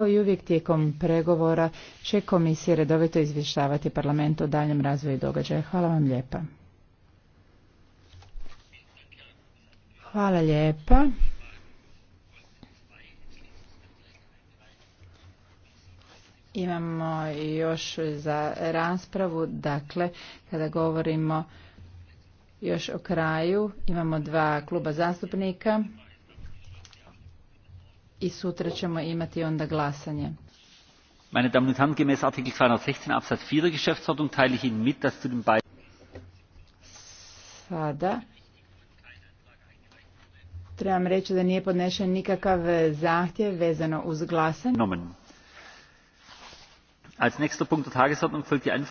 i uvijek tijekom pregovora će komisije redovito izvještavati parlament o daljem razvoju događaja. Hvala vam lijepa. Hvala lijepa. Imamo još za raspravu, dakle, kada govorimo još o kraju, imamo dva kluba zastupnika i sutra ćemo imati onda glasanje. Meine Damen und Herren, gemäß Artikel 216 Absatz 4 der Geschäftsordnung teile ich Ihnen mit, dass zu den beiden Sada trebam reći da nije podnešen nikakav zahtjev vezano uz glasanje. Als nächster Punkt der Tagesordnung folgt die